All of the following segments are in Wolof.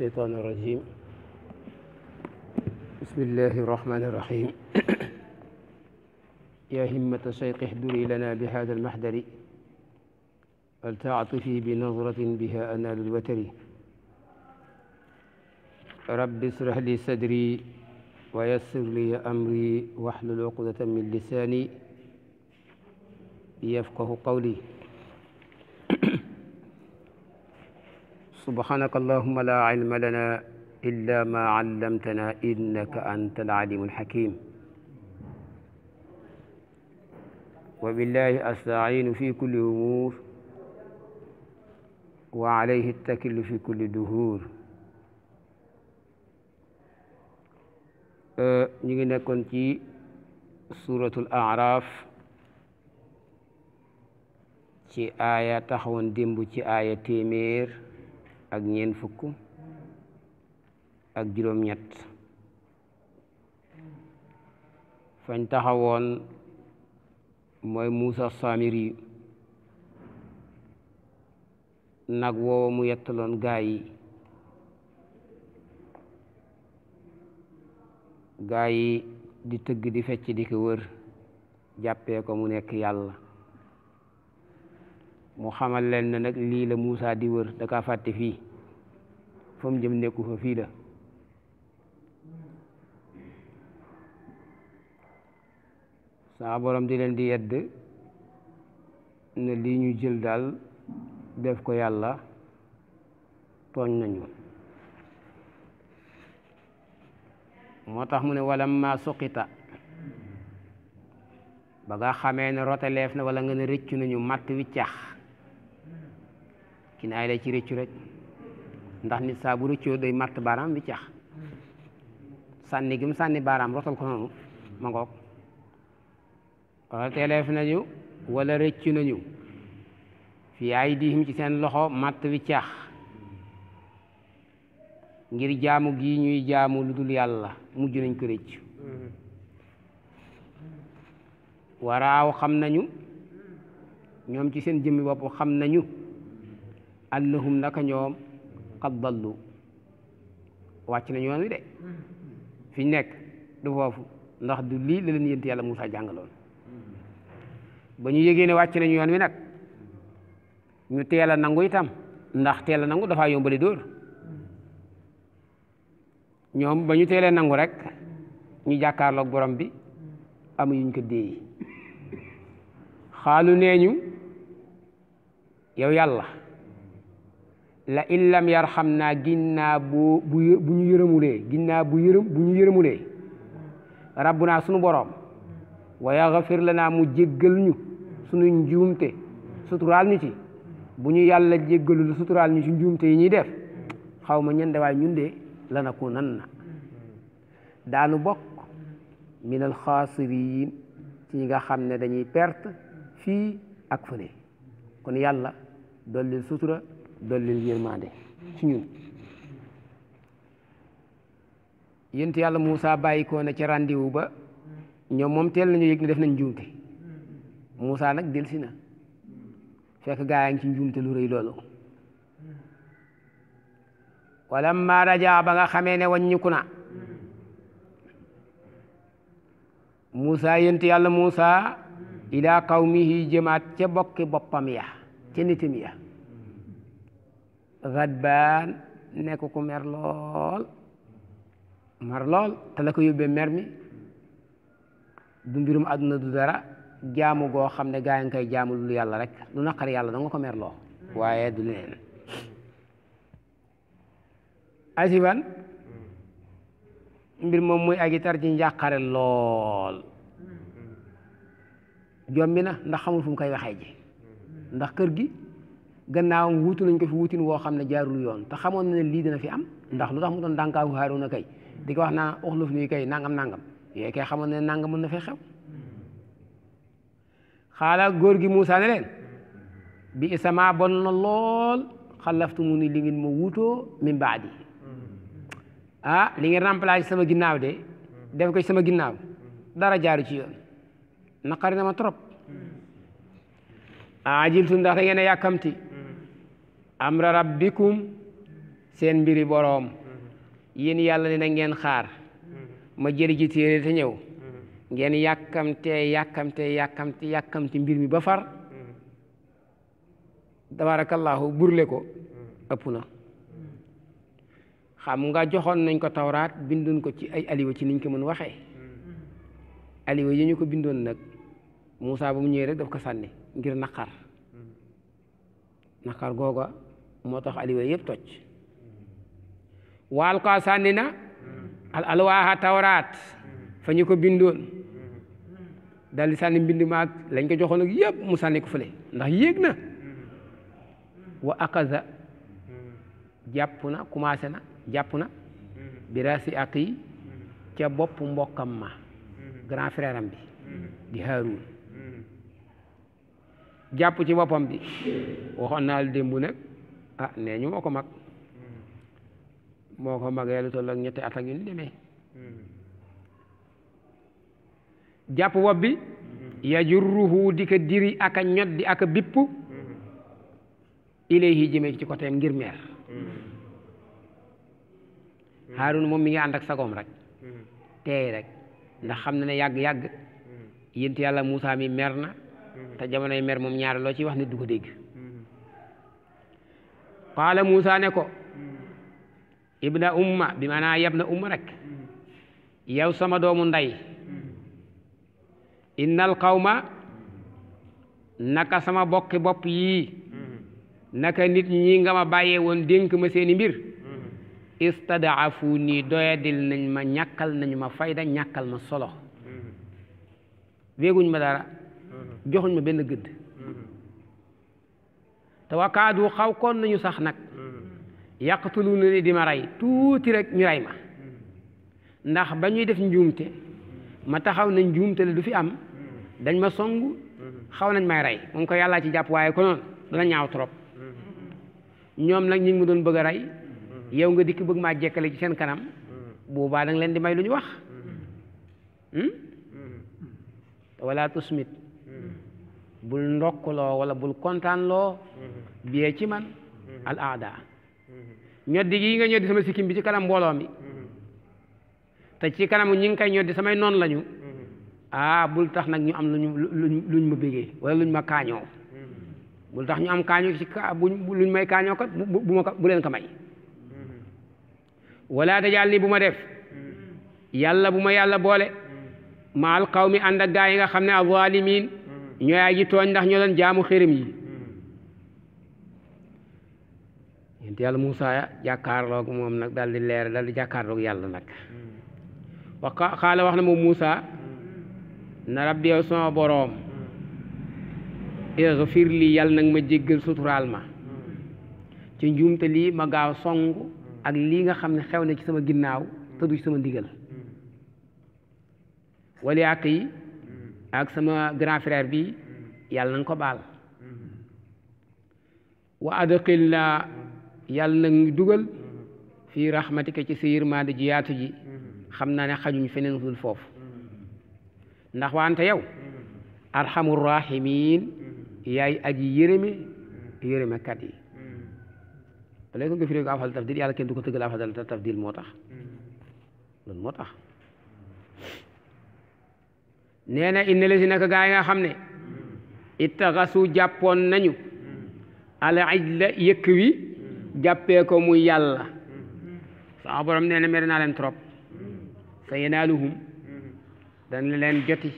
الشيطان الرجيم بسم الله الرحمن الرحيم يا همة شيخ احضري لنا بهذا المحضر فلتعطفي بنظرة بها أنال الوتر رب اشرح لي صدري ويسر لي أمري واحلل عقدة من لساني يفقه قولي subhanaka allahuma la ilma lana illa ma allamtana innaka anta alalimu alhakim wa billahi astainu fi kulli umur wa alayhi attakilu fi kulli duhur ñu ngi nekkoon ci suratul araf ci aaya taxawoon démb ci aaya téeméer ak ñeent fukk ak juróom-ñett fañ taxawoon mooy Muusa Samiri nag woowa mu yettaloon gaa yi gaa yi di tëgg di fecc di ko wër jàppee ko mu nekk yàlla mu xamal leen na nag lii la muusa di wër da fàtte fii fa jëm nekku fa fii la saa borom di leen di yedd ne lii ñu jël daal def ko yàlla tooñ nañu moo tax mu ne walamma suqita ba nga xamee ne roteleef na wala nga ne rëccu nañu màtt wi cax kinaay la ci rëccu rek ndax nit saa bu rëccoo day matt baaraam bi cax sànni gi mu sànni baaraam rotal ko noonu ma ngoog wala teeleef nañu wala rëccu nañu fi ay diihim ci seen loxo matt wi caax ngir jaamu gi ñuy jaamu lu dul yàlla mujj nañ ko rëcc waraaw xam nañu ñoom ci seen jëmmi bopp xam nañu annahum naka ñoom qad dallu wàcc nañu yoon wi de fi nekk du foofu ndax du lii la leen yént yàlla Moussa jàngaloon ba ñu yégée ne wàcc nañu yoon wi nag ñu teel a nangu itam ndax teel a nangu dafaa yombali dóor ñoom ba ñu teelee nangu rek ñu jàkkaarloog borom bi am yuñ ko déeyi xaalu nee ñu yow yàlla la illam xam naa ginnaa bu bu ñu yërëmulee ginnaa bu yërëm bu ñu yërëmulee rabbunaa sunu boroom wa yaxfir lanaa mu jéggal ñu sunu njuumte suturaal ñu ci bu ñu yàlla jéggalul suturaal njuumte yi ñuy def xaw ma ñen de waaye ñun de lana ko nan daanu bokk min alxaasiriin ci ñi nga xam ne dañuy perte fii ak fële kon yàlla dolli sutura dollil yërmande ci ñun yént yàlla Moussa bàyyi ko na ci rendez ba ñoom moom teel nañu yëg ne def nañ njuumte Moussa nag delsi na fekk gaa ngi ci njuumte lu rëy loolu wala ma raja ba nga xamee ne wàññiku na Moussa yént yàlla Moussa ila qawmihi jëmaat ca bokki boppam ya ca nitam ya gadbaan nekk ku mer lool mar lool te la ko yóbbee mer mi du mbirum àdduna du dara jaamu goo xam ne gaa ngi koy jaamu lu yàlla rek lu naqar yàlla da ko mer loo waaye du leneen asiban mbir moom muy aji tar ci njàqare lool jombi na ndax xamul fu mu koy waxee ji ndax kër gi gannaawam wuutu nañ ko fi wuutin woo xam ne jaarul yoon te xamoon na ne lii dina fi am mm. ndax lu tax mu doon dànkaawu Haaruna kay di ko wax naa uxluf nii kay nangam nangam yooyu kay xamoon na ne nangam mën na fee xew xaala góor gi Moussa ne bi isama bon na lool xalaftu mu ni li ngeen ma wuutoo min baadi ah li ngeen remplacé sama ginnaaw de def ko sama ginnaaw dara jaaru ci yoon naqari na ma trop mm. ajiltu ndax da ngeen a yàkkamti amra rabbikum seen mbiri boroom yéen yàlla ne na ngeen xaar ma jëri ji téere te ñëw ngeen yàkkamte yàkkamte yàkkamte mbir mi ba far tabarakallahu burle ko ëpp na xam nga joxoon nañ ko tawraat bindoon ko ci ay aliwa ci niñ ko mën waxe aliwa yi ñu ko bindoon nag Moussa ba mu ñëwee rek daf ko sànni ngir naqar naqar googa moo tax aliwa yëpp toj waal kaa sànni na al alwaaha tawraat fa ñu ko bindoon dal sànni mbind maag lañ ko joxoon ak yëpp mu sànni ko fële ndax yéeg na wa akaza jàpp na commencé na jàpp na birasi ak ca bopp mbokkam ma grand frère bi di Haarun jàpp ci boppam bi waxoon naa lu démb nag ah nee ñu moo ko mag hmm. moo ko magee lu toll ñetti at ak yu ni demee hmm. jàpp wob bi hmm. yajurruhu di ko diri ak a ñot ak a bipp ilayhi jëmee ci côté ngir meer Haaruna moom mi ngi ànd ak sagoom rek teey rek ndax xam na ne yàgg-yàgg yént yàlla Muusaa mi mer na te jamonoy meer moom ñaari loo ci wax nit du ko dégg qaala Muusa ne ko ibna umma bi maanaa yabna umma rek yow sama doomu ndey nal kawma naka sama bokki bopp yii naka nit ñi nga ma bàyyee woon dénk ma seeni mbir istadaafu nii doyadil nañ ma ñàkkal nañ ma fayda ñàkkal ma solo wéeguñ ma dara joxuñ ma benn gëdd te waa kaadu xaw kon nañu sax nag mm-hmm. yaqtuluuna ni di ma rey tuuti rek ñu rey ma mm-hmm. ndax ba ñuy def njuumte ma taxaw nañ njuumte la du fi am mm-hmm. dañ ma song xaw nañ may rey moom ko yàllaa ci jàpp waaye ko noonu dana ñaaw trop ñoom nag ñi ngi doon bëgg a rey yow nga dikk bëgg maa jekkale ci seen kanam boobaa da leen di may lu ñu wax hmm? wala tusmit bul ndokkuloo wala bul kontaanloo mm-hmm. biyee ci man mm-hmm. al aada mm-hmm. ñoddi gii nga ñoddi sama sikkim bi ci kanam mbooloo te ci kanam ñu ngi koy ñoddi samay noon lañu ah bul tax nag ñu am luñu luñ luñ ma bégee wala luñ ma kaañoo bul tax ñu am kaañoo ci ka buñ luñ may kaañoo kat bu leen ko may wala tajal ni bu ma def yàlla bu ma yàlla boole maal xaw mi ànd ak gaa nga xam ne azalimin ñooy aji tooñ ndax ñoo doon jaamu xërëm yi yonent yàlla Muusa jàkkaarloog moom nag daal leer daal di jàkkaarloog yàlla nag wa xaala wax na moom Muusa na rabbi yow sama boroom ixfir lii yàlla nag ma jéggal suturaal ma ci njuumte lii ma gaaw song ak lii nga xam ne xew na ci sama ginnaaw te ci sama ndigal wali àq yi ak sama grand frère bi yàlla na ko baal wa adxil naa yàlla nag dugal fii rahmatika ci sa yërmande ji yaatu ji xam naa ne xajuñ feneen dul foofu ndax wante yow arhamur rahimin yaay aji yërëme yërëme kat yi léegi ko nga firee afal tafdil yàlla kenn du ko tëggal afal tafdil moo tax moo tax nee na inna lesi naka gaa yi nga xam ne ittaxasu jàppoon nañu al ijla yëkk wi jàppee ko muy yàlla sama borom nee na mer naa leen trop sa yenaaluhum dana leen joti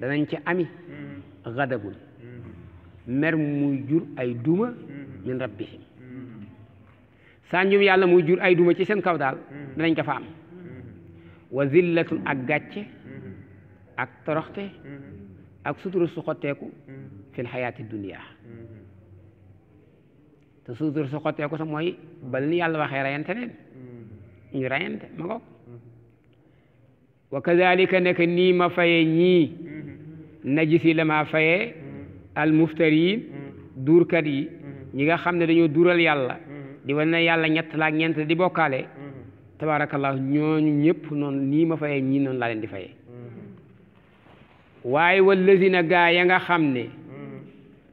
danañ ci ami gadabun mer muy jur ay duma min rabbihim sànjum yàlla mu jur ay duma ci seen kaw daal danañ ko am wa zillatun ak gàcce ak toroxte mm-hmm. ak sutura su xotteeku mm-hmm. fil xayaati dunia mm-hmm. te sutura su xotteeku sax mooy bal ni yàlla waxee rayante leen ñu rayante ma ngoog wa kadalika nekk nii ma faye ñii najisi la ma fayee al muftariin duurkat yi ñi nga xam ne dañoo duural yàlla di wane na yàlla ñett laak ñeent di bokkaale tabarakallahu ñooñu ñëpp noonu nii ma ñii noonu laa leen di fayee waaye wa wallazina gaa ya nga xam ne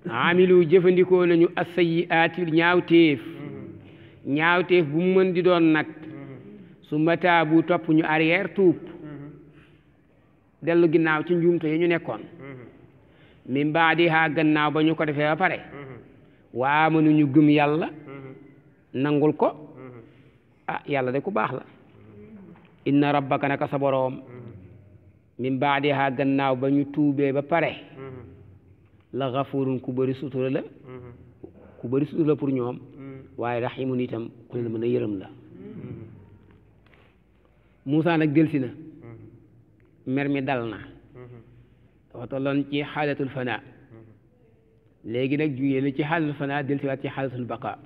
amilu jëfandikoo nañu assayiaati ñaawteef ñaawteef bu mën di doon nag su mataa bu topp ñu arrière tuub dellu ginnaaw ci njuumte yi ñu nekkoon min baadihaa gannaaw ba ñu ko defee ba pare waa mënu ñu gëm yàlla nangul ko ah yàlla de ku baax la inna rabbaka naka sa boroom min baadiha gannaaw ba ñu tuubee ba pare mm-hmm. la xafurun ku bëri la mm-hmm. ku bëri la pour ñoom mm-hmm. waaye raximun itam ku leen mën a yërëm la Moussa nag delsi na mer mi dal na dafa tolloon ci xaalatul fana léegi nag jugee na ci xaalatul fana delsiwaat ci xaalatul baqa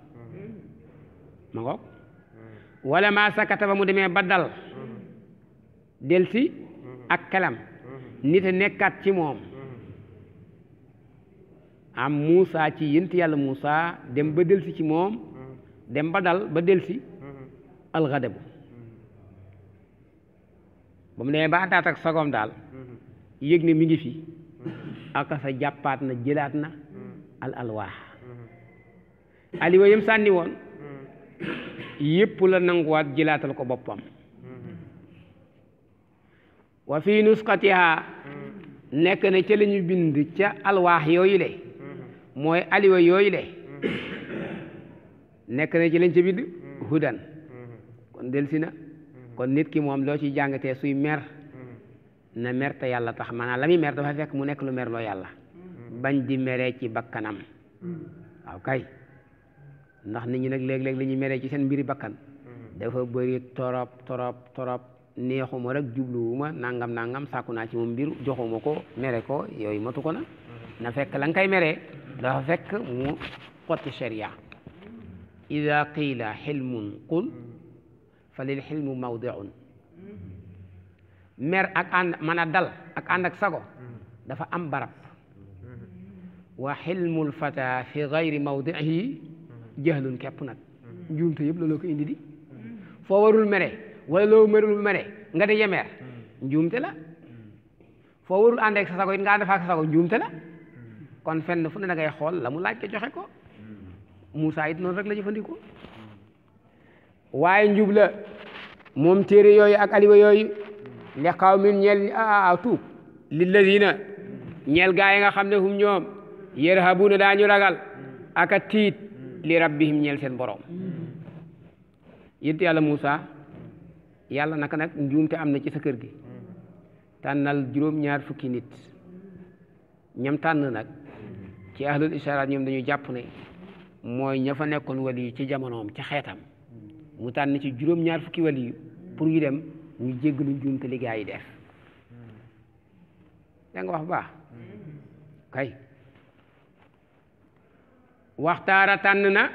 ma maa sakata ba mu demee ba dal delsi ak xelam nit a nekkaat ci moom am Moussa ci yent yàlla Moussa dem ba delsi ci moom dem ba dal ba delsi alxadabu ba mu demee ba àndaat ak sagoom daal yëg ne mi ngi fi aka jàppaat na jëlaat na al alwaax aliwa yem sànni yépp la nanguwaat jëlaatal ko boppam wa fii nusxatiha nekk na ca la bind ca alwaax yooyu le mooy aliwa yooyu le nekk na ci lañ ca bind hudan kon delsi na kon nit ki moom loo ci jàngatee suy mer na mer yàlla tax maanaam la muy mer dafa fekk mu nekk lu mer loo yàlla bañ di meree ci bakkanam waaw kay ndax nit ñi nag léeg-léeg lañuy ñuy meree ci seen mbiri bakkan dafa bëri torop torop torop neexuma rek jubluwuma nangam nangam sàkku naa ci moom mbir joxuma ko mere ko yooyu matu ko na na fekk la nga koy meree dafa fekk mu xotti sharia ida qiila xilmun qul fa lil xilmu mawdiun mer ak ànd sago dafa am barab wa xilmul fata fi gayri mawdihi jahlun képp nag njuumte yëpp looloo ko indi di foo warul mere wala loo merul mere nga di yemeer hmm. njuumte la hmm. foo warul ànd ak sa sago it nga ànd fa ak sa sago la hmm. kon fenn fu ne da ngay xool la mu laaj ko joxe ko Moussa it noon rek la jëfandikoo waaye njub la moom téere yooyu ak aliwa yooyu li xaw min ñeel a ah, ah, ah, tuub lillazina ñeel gaa yi nga xam ne hum ñoom yarhabuuna daañu ragal aka tiit li rabbihim ñeel seen borom yént yàlla Moussa yàlla naka nag njuumte am na ci sa kër gi tànnal juróom-ñaar fukki nit ñam tànn nag ci ahlul isharat ñoom dañu jàpp ne mooy ña fa nekkoon wali yu ci jamonoom ci xeetam mu tànn ci juróom-ñaar fukki wali yu pour ñu dem ñu jéggalu njuumte li gaa yi def da nga wax baax kay waxtaara tànn na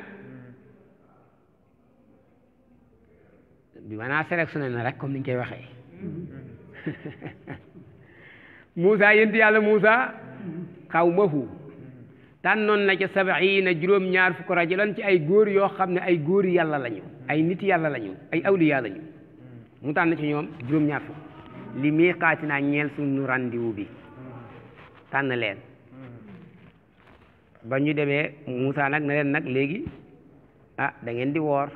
bi maanaam sélectionné na rek comme ni ñu koy waxee Moussa yént kaw Moussa xawmahu tànnoon na ca sabaxiina juróom-ñaar fukk rajulan ci ay góor yoo xam ne ay góori yàlla lañu ay nit yàlla lañu ay awliya lañu mu tànn ci ñoom juróom-ñaar fukk li miiqaatinaa ñeel suñu rendez-vous bi tànn leen ba ñu demee Moussa nag na leen nag léegi ah da di woor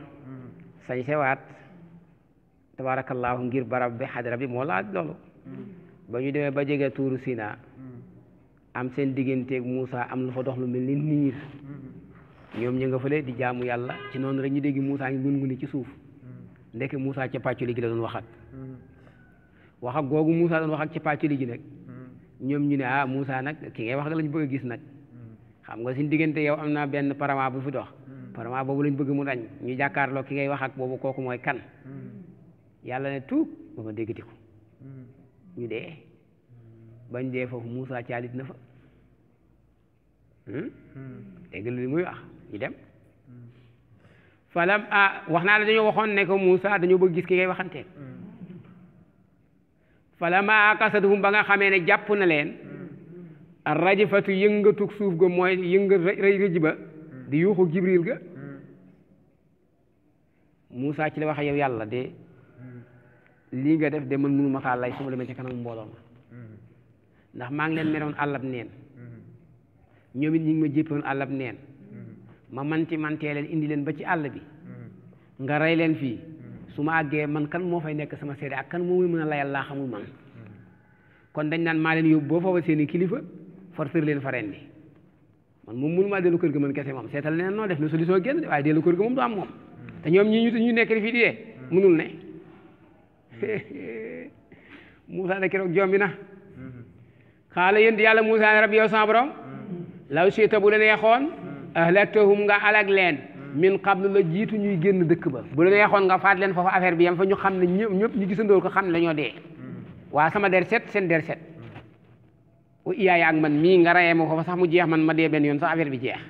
sañ sewaat tabaarakallaahu ngir barab bi xadara bi moo laaj loolu ba ñu demee ba jege tuuru Sina am seen digganteeg Moussa am lu fa dox lu mel ni niir ñoom ñu nga fële di jaamu yàlla ci noonu rek ñu dégg Moussa ngi ngunguni ci suuf ndeke Moussa ca pàccu li gi la doon waxat wax ak googu Moussa doon wax ak ci pàccu li gi nag ñoom ñu ne ah Moussa nag ki ngay wax lañ bëgg a gis nag xam nga suñ diggante yow am naa benn parama bu fi dox hmm. parama boobu lañ ki ngay wax ak boobu kooku mooy kan yàlla ne tuub ba ma déggati ko hmm. ñu bañ dee foofu Moussa caalit na fa hmm? Hmm. dégg li muy wax ñu dem falam a ah, wax naa la dañoo waxoon ne ko Moussa dañoo bëgg gis ki ngay waxantee falammaa kasaduhum ba nga xamee ne jàpp na leen rajfatu yëngatug suuf ga mooy yënga rëy rëj ba di yuuxu Jibril ga Moussa ci la wax yow yàlla de lii nga def de man mënu ma kaa lay su ma demee ci kanam mbooloo ma mm-hmm. ndax maa leen meroon àllab neen mm-hmm. ñoom ñu ma jéppoon àllab neen mm-hmm. ma manti mantee leen indi leen ba ci àll bi nga rey leen fii su ma àggee man kan moo fay nekk sama seede kan moo mën a layal laa xamul man kon dañ naan maa leen yóbbu boo foofa seeni kilifa leen fa rendi man moom mënu maa dellu kër kese moom seetal leneen noo def ne solution génn waaye dellu kër am moom te ñoom ñi ñu nekk di fii di dee mënul ne Moussa ne keroog jombi na xaala yéen di yàlla Moussa ne rabbi yow sama borom law siita bu la neexoon ahlaktahum nga alag leen min qablu la jiitu ñuy génn dëkk ba bu la neexoon nga faat leen foofu affaire bi yam fa ñu xam ne ñëpp ñëpp ñu gisandoo ko xam ne dañoo dee waa sama der set seen der set u iyaay ak man mii nga rayee ma foofu sax mu jeex man ma dee benn yoon sax affaire bi jeex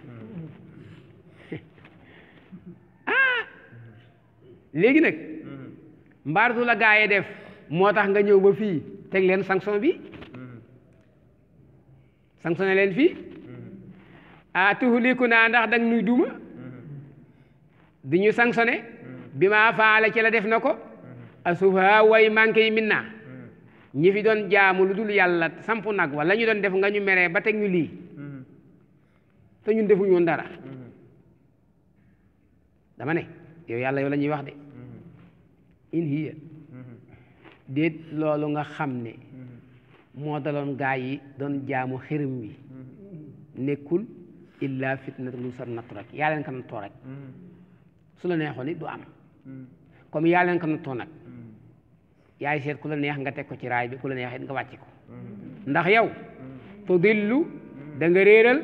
ah léegi nag mbaar du la gaayee def moo tax nga ñëw ba fii teg leen sanction bi sanctionné leen fii a tuxliku naa ndax dang nuy duma bi ñu sanctionné bi ma faale ci def na ko asufa way manqué yi min naa ñi fi doon jaamu lu dul yàlla sampu nag wala ñu doon def nga ñu meree ba teg ñu lii te ñun defuñu woon dara dama ne yow yàlla yow la ñuy wax de in hiya mm-hmm. déet loolu nga xam ne mm-hmm. moo daloon gaa yi doon jaamu xërëm wi mm-hmm. nekkul illa fitnatu lu sa nattu rek yaa leen ko nattoo rek su la neexoon it am comme yaa leen ko nattoo nag yaay seet ku la neex nga teg ko ci raay bi ku la neex it nga wàcc ko ndax yow tudillu da nga réeral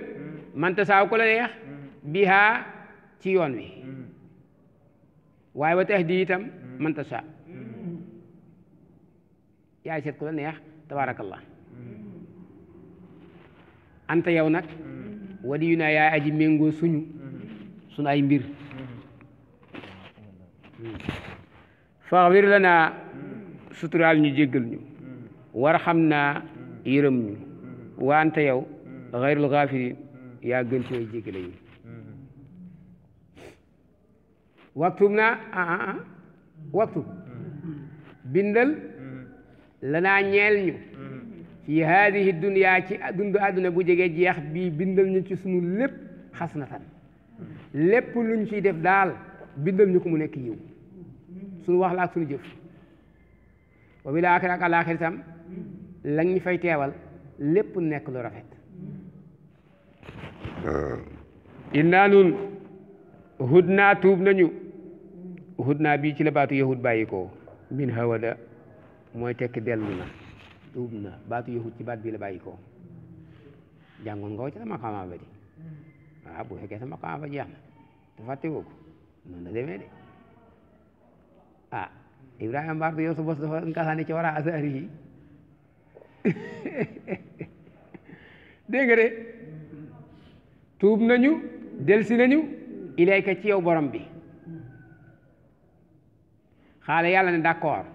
manta saaw ku la neex bihaa ci yoon wi waaye ba tax di itam man tasha yaay seet ku la neex tabaarakallah anta yow nag waliyu naa yaay aji méngoo suñu suñu ay mbir faxfir lanaa suturaal ñu jéggal ñu war xam naa yërëm ñu wa anta yow xayrul xaafirin yaa gën ci way jéggale yi waktub naa ah, ah, ah. waktub bindal lanaa ñeel ñu fi haadihi dunya ci dundu àdduna bu jege jeex bii bindal ñu ci sunu lépp xasanatan lépp luñ ciy def daal bindal ñu ko mu nekk yiw suñu wax la ak suñu jëf wa bil aaxira ak alaaxir itam la ñu fay teewal lépp nekk lu rafet innaa nun hud tuub nañu hut naa bii ci la baatu yahut bàyyi ko min hawada mooy tekki dellu na tuub baatu yahut ci baat bii la bàyyi ko jàngoon nga ko ci sama ba di waaw bu fekkee sama xamaa ba jeex na te fàtte ko noonu de ah Ibrahima Mbartu yow sa bos dafa ngasaane ci war a asaar yi dégg nga de tuub nañu delsi ci yow borom bi xaala yàlla ne d'accord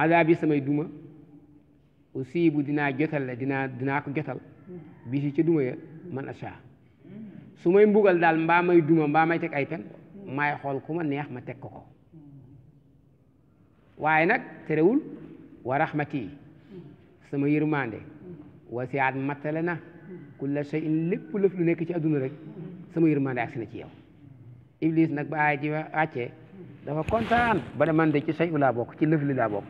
ada bi samay duma aussi bu dinaa jotal dina dinaa ko jotal bi si ca duma ya man acha su may mbugal daal mbaam may duma mbaam may teg ay pen maay xool ku ma neex ma teg ko ko waaye nag terewul ma rahmati sama yërmande wasiat mattale na kulla shay'in lépp lëf lu nekk ci adduna rek sama yërmande ak si na ci yow iblis nag ba aay ji wàccee dafa kontaan ba ne man de ci say u laa bokk ci lëf li laa bokk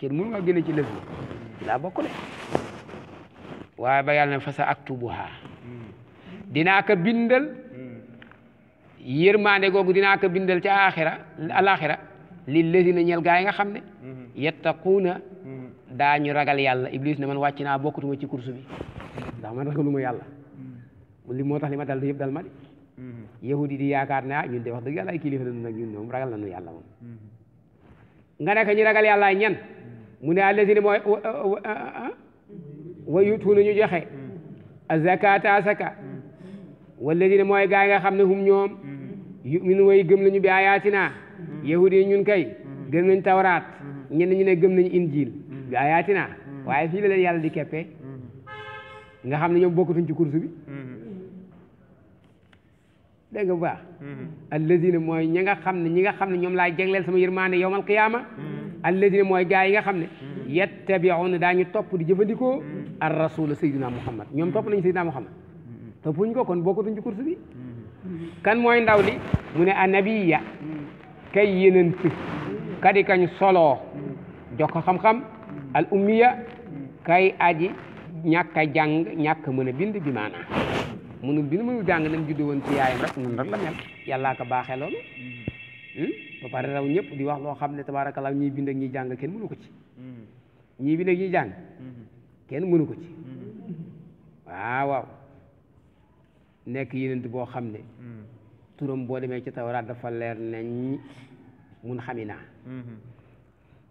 kenn mënu maa génne ci lëf li laa bokk de waaye ba yàlla ne fasa aktubuha dinaa ko bindal yërmaande googu dinaa ko bindal ca axira alaxira lillazina ñel gaa yi nga xam ne yettaquuna daañu ragal yàlla iblis ne man wàcc naa bokkutuma ci course bi ndax man ragalu yàlla li moo tax li ma dal yëpp dal ma di yahudi di yaakaar ne ah ñun de wax dëgg yàlla ay kilifa la nag ñun moom ragal nañu yàlla moom hmm. nga nekk ñu ragal yàlla ñan hmm. mu ne allazina mooy wa ah, ah, ah, yutuuna ñu joxe hmm. azakata asaka wallazina mooy gaa yi nga xam ne hum ñoom yu'minu way gëm nañu bi ayatina yahudi yi ñun kay gëm nañ tawraat ñenn ñu ne gëm nañ injil bi ayatina waaye fii leen yàlla di keppee nga xam ne ñoom bokkatuñ ci kursu dégg nga bu baax mm-hmm. mooy ñi nga xam ne ñi nga xam ne ñoom laay jegleel sama yërmaande yowmal qiyaama mm-hmm. alladina mooy gaa yi nga xam ne mm-hmm. yettabiuuna daañu topp di jëfandikoo ar rasula sayyidina muhammad ñoom topp nañu sayyidina muhammad toppuñ ko kon bokkatuñ ci course bi kan mooy ndaw li mu ne annabiya kay yenant kadi kañ solo jox ko xam-xam al ummiya kay aji ñàkk a jàng ñàkk mën a bind bi maanaa munu bi nu muy jàng nam juddu woon ci rek noonu rek la mel yàllaa ko baaxee loolu mm-hmm. hmm? ba pare raw ñëpp di wax loo xam ne tabaarakallaa ñiy bind ak ñiy jàng kenn mënu ko ci mm-hmm. ñiy bind ak ñiy jàng mm-hmm. kenn ko ci waaw waaw nekk yenent boo xam ne turam boo demee ci tawraat dafa leer nañ mun xami naa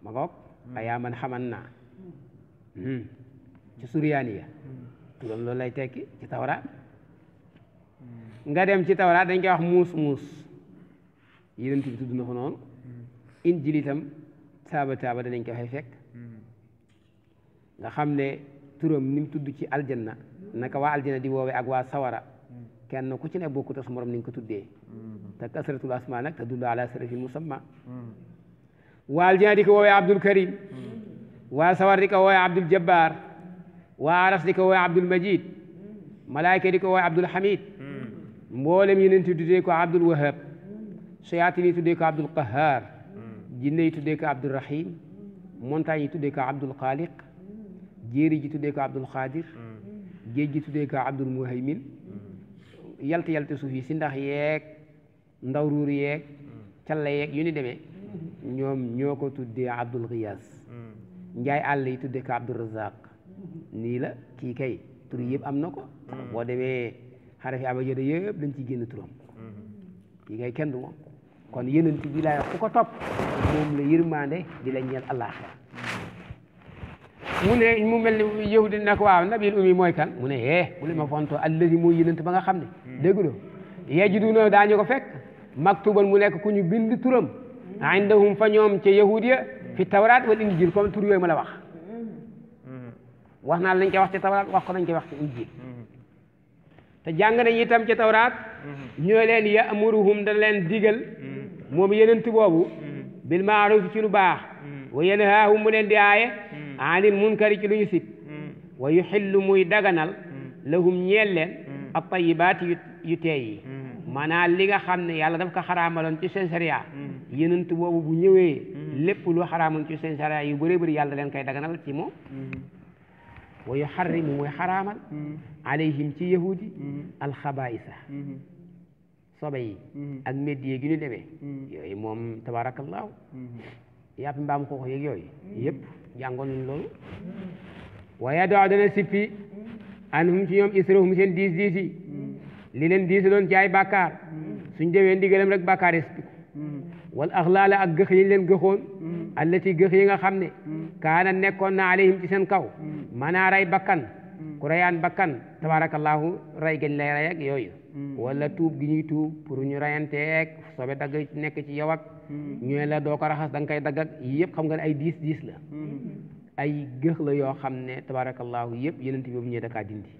ma ngoog ayaa man xaman naa hmm? ci suryaani ya turam loolu lay tekki ci tawraat nga dem ci tawraat dañ koy wax muus muus yonent bi tudd na ko noonu injil itam saaba saaba danañ ko fay nga xam ne turam ni mu tudd ci aljanna naka waa aljanna di woowe ak waa sawara kenn ku ci ne bokkut ak morom ni nga ko tuddee asmaa nag te dullu ala musamma waa aljanna di ko woowee abdul karim waa sawar di ko woowee abdul jabbar waa aras di ko woowee abdul majid malaayka di ko woowee abdul hamid mboole mboolem yeneen tuddee ko Abdul Wahab soyaati yi tuddee ko Abdul Qahar jinne yi tuddee ko Abdul Rahim montagne yi tuddee ko Abdul Khaliq jéeri ji tuddee ko Abdul Qadir géej ji tuddee ko Abdul Muhaymin yalte yalte suuf yi si ndax yeeg ndaw ruur yeeg calla yeeg yu ni demee ñoom ñoo ko tuddee Abdul Ghiyas njaay àll yi tuddee ko Abdul Razaq nii la kii kay tur yëpp am na ko boo demee xarafi abajada yëpp dañ ciy génn turam mm-hmm. yi ngay kenn du moom kon yenent bi laa ku ko topp moom la yërmande di la ñeel àllaaxira mu ne mu mel ni yahudi nag waaw nabil ummi mooy kan mu ne eh bu leen ma fontoo allazi mooy yenent ba nga xam ne mm-hmm. dégguloo yajiduna daañu ko fekk maktuban mu nekk ku ñu bind turam mm-hmm. indahum fa ñoom ca yahudiya fi tawraat wala injil comme tur yooyu ma la wax wax naa lañ koy wax ci tawraat wax ko lañ koy wax te jàng nañ itam ci tawraat mm-hmm. ñu ne leen ya'muruhum dana leen digal mm-hmm. moom yenent boobu mm-hmm. bil maaruf ci baax wa yanhaahum mu leen di aaye anil munkari ci lu ñu sib wa yuxillu muy daganal lahum ñeel leen ab tayibaat yu yu teey yi maanaam li nga xam ne yàlla daf ko xaraamaloon ci seen sariya yenent boobu bu ñëwee lépp lu xaraamoon ci seen yu bëree bëri yàlla leen koy daganal ci mo wa yuharrimu mooy xaraamal alayhim ci yahudi alxabaisa sobe yi ak méddiye gi ñu demee moom tabaarakallaahu yàpp mbaam xoox yeeg yooyu yëpp jàngoon nañ loolu wa yadaa dana sippi anhum ci ñoom israhum seen diis diis yi li leen diis doon ci ay bàkkaar suñ demee ndigalam rek bàkkaar yi sippi wal axlaala ak gëx yi leen gëxoon allati gëx yi nga xam ne kaana nekkoon na alayhim ci seen kaw maanaa rey bakkan mm. ku reyaan bakkan tabaarakallaahu rey gañ lay rey ak yooyu mm. wala tuub gi ñuy tuub pour ñu reyanteeg sobe dagg nekk ci yow ak mm. ñooy la doo ko raxas da nga koy dagg ak yëpp xam nga ay diis diis la ay gëx la yoo xam ne tabaarakallaahu yëpp yenent bi mu ñëwee dakaa dindi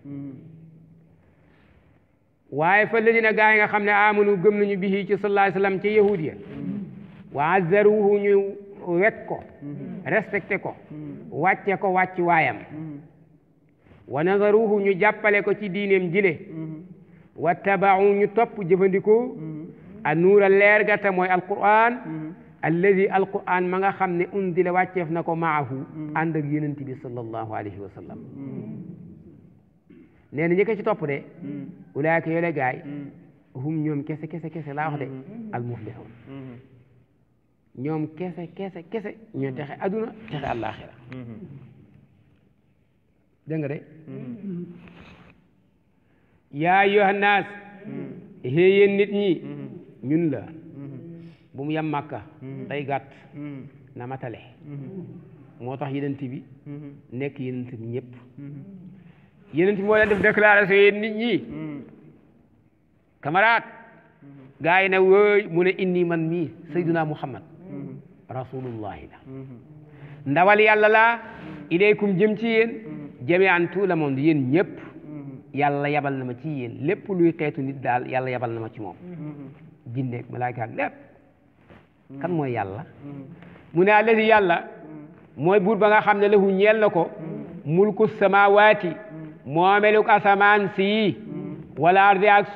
waaye fa ladina gaa yi nga xam ne amanu gëm nañu bihi ci sallallahu alayhi ci yahud ya wa azzaruhu ñu wet respecté ko mm. wàcce ko wàcc waayam mm. wa nazaruhu ñu jàppale ko ci diineem jile mm. wa tabaau ñu topp jëfandikoo a nuura leer ga ta mooy alquran alladi alquran ma nga xam ne unzila wàcceef na ko maahu ànd ak yonent bi sallallahu alayhi wa sallam nee na ci topp de ulaayka yole gaay hum ñoom kese kese kese laa wax de almuflihun ñoom kese kese kese ñooy texe aduna texe àllaaxira dégg nga de yaa yohannaas xée yéen nit ñi ñun la bu mu yam màkka day gàtt na matale moo tax yenent bi nekk yenent bi ñëpp yenent bi moo leen def déclaration yéen nit ñi camarade gars yi ne wooy mu ne inni man mii sayduna muhammad rasulullahi mhm. ndawal yàlla la ilaykum jëm ci yéen mhm. jëme an tout le monde yéen ñëpp mhm. yàlla yabal na ma ci yéen lépp luy xeetu nit daal yàlla yabal na ma ci moom jinneeg malaayka ak kan mooy yàlla mu ne alladi yàlla mooy buur ba nga xam ne lahu ñeel na ko mulku samawaati moomeluk asamaan si wala ardi ak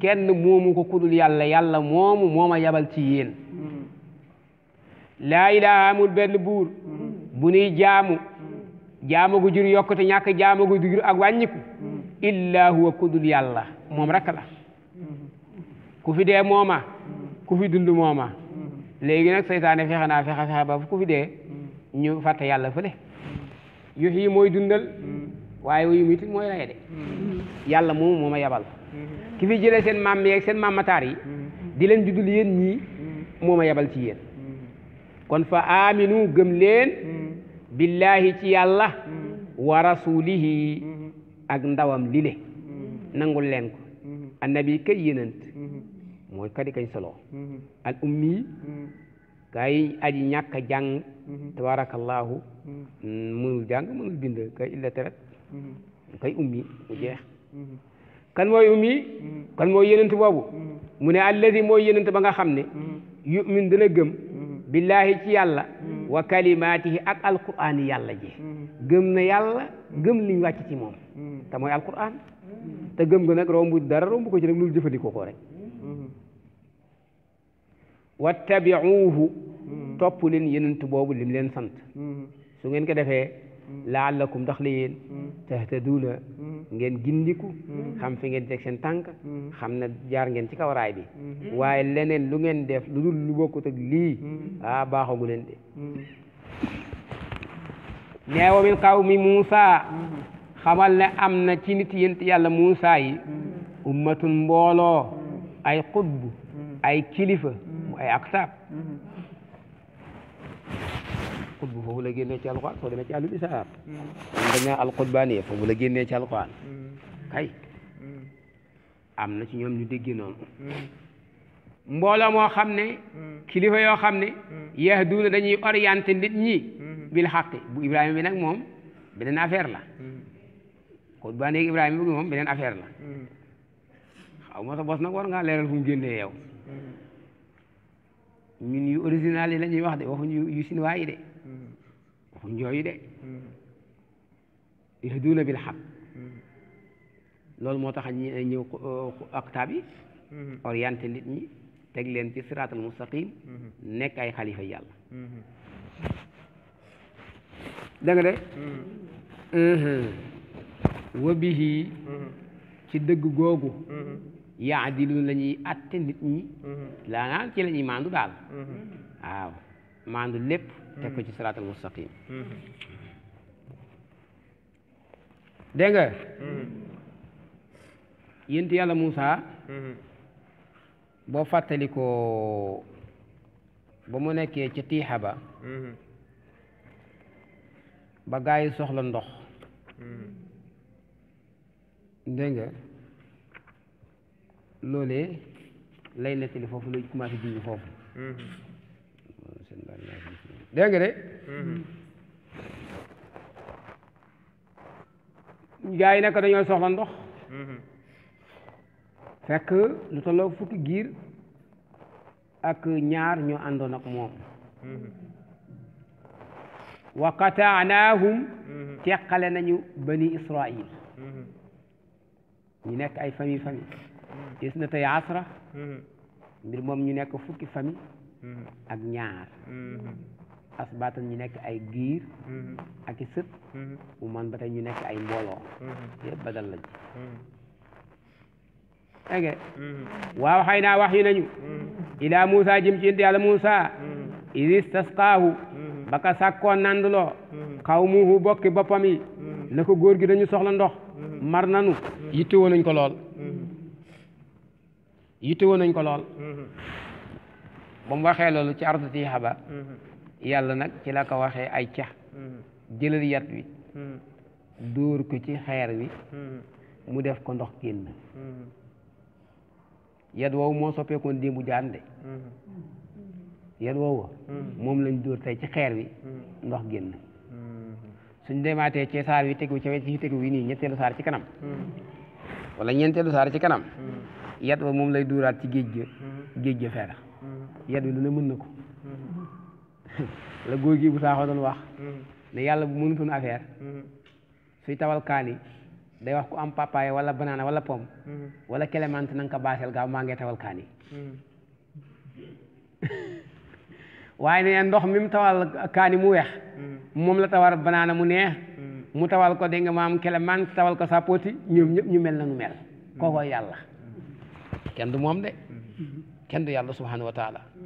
kenn moomu ko kudul yàlla yàlla moomu mooma yabal ci yéen laa ilaha amul benn buur mm. bu nuy jaamu mm. jaamu gu jur yokkute ñàkk jaamu gu jur ak wàññiku mm. illa huwa kudul yàlla moom rek la ku fi dee mooma ku fi dund mooma léegi nag seytaane fexe naa fexe fexe ba ku fi dee ñu fàtte yàlla fële yuhyi mooy dundal waaye yu miti mooy rey de yàlla moomu mooma yabal ki fi jëlee seen maam yeeg seen maam mataar yi di leen juddul yéen ñii mooma yabal ci kon fa aminu gëm leen mm. billahi ci yàlla mm. wa rasulihi mm-hmm. ak ndawam lile mm-hmm. nangul leen ko mm-hmm. annabi kay yénant mooy kadi kañ solo al ummi kay aji ñàkk a jàng tabarakallahu mënul jàng mënul bind kay illata rek kay ummi mu jeex kan mooy ummi kan mooy yénant boobu mu ne mooy yénant ba nga xam ne yumin dana gëm billaahi ci yàlla mm. wa kalimaatihi ak alquraan yàlla ji mm. gëm na yàlla mm. gëm liñ wàcc ci moom te mooy alquraan te gëm nga nag rombu dara rombu ko ci nag lu jëfandikoo ko rek mm-hmm. wattabiuuhu topp leen yenentu boobu lim leen sant mm-hmm. su ngeen ko defee Mm. laallakum ndax la yéen mm. tahtaduuna mm. ngeen gindiku xam fi ngeen teg seen tànk xam na jaar ngeen ci kaw bi waaye leneen lu ngeen def lu dul lu bokkut ak lii ah baaxagu leen de nee wa min qawmi Muusa xamal ne am na ci nit yent yàlla Muusa yi ummatun mbooloo ay xutb ay kilifa ay aksaab xutbu foofu la génnee ci alquran soo demee ci àllul isaar hmm. la génnee ci alquran hmm. hmm. am na ci ñoom ñu déggee noonu mbooloo xam ne kilifa yoo xam ne yahduuna dañuy orienté nit ñi bil xaq bu ibrahima bi nag moom beneen affaire la xutbaaniya ibrahima bi moom beneen affaire la xaw ma bos nag war ngaa leeral fu mu génnee yow ñun yu original yi la ñuy wax de waxuñu yu yu sinwaa yi de waxuñ yooyu de yahduuna bil xaq loolu moo tax ñi ñëw octabe nit ñi teg leen ci siraatal mustaqim nekk ay xalifa yàlla da de wa bihi ci dëgg googu ya la ñuy atte nit ñi laanaan ci lañuy ñuy maandu daal waaw maandu lépp teg ko mm-hmm. ci siraatal mustaqim mm-hmm. dégg nga mm-hmm. yént yàlla Moussa boo fàttalikoo ba mu nekkee ca tiixa ba ba gaa soxla ndox dégg nga loolee lay nettali foofu lay commencé junj foofu dégg nga de mm-hmm. gaa yi nekk dañoo soxla ndox mm-hmm. fekk lu tolloo fukki giir ak ñaar ñoo àndoon ak moom mm-hmm. wa qataanaahum teqale nañu bani israil ñu nekk ay famille famille gis na tey asra mbir moom ñu nekk fukki famille Mm-hmm. ak ñaar mm-hmm. asbaatan ñu nekk ay giir mm-hmm. ak i sët mu man ba tey ñu nekk ay mbooloo yëpp badal la ci ege waaw xay naa wax yu nañu ilaa Muusa jëm ci yonent yàlla Muusa idis tasqaahu ba ka sàkkoon nanduloo xaw muhu bokki boppam yi na ko góor gi dañu soxla ndox mar nanu yitte woon nañ ko lool yitte woon nañ ko lool ba mu waxee loolu ci ardati haba mm-hmm. yàlla nag ci la ko waxee ay cax mm-hmm. jëlal yat wi mm-hmm. dóor ko ci xeer wi mu def ko ndox génn yat woowu moo soppeekoon démbu jaan de yat woowu moom lañ dóor tey ci xeer wi ndox génn suñ demaatee ci saar wi tegu ci ci tegu wi nii ñetteelu saar ci kanam wala ñeenteelu saar ci kanam yat wa moom lay dóoraat ci géej ga géej ga feera yet bi lu ne mën na ko la góor gi bu saaxoo doon wax ne yàlla bu mënutoon affaire suy tawal kaani day wax ko am papaye wala banaana wala pomme wala clémentine na nga ko baaseel gaaw maa ngi tawal kaani ndox mi mu kaani mu weex moom la tawal banaana mu neex mu tawal ko dégg nga maam clémentine tawal ko sapoti ñoom ñu mel na nu mel kookoo yàlla kenn du moom de kenn du yàlla subhanahu wa taala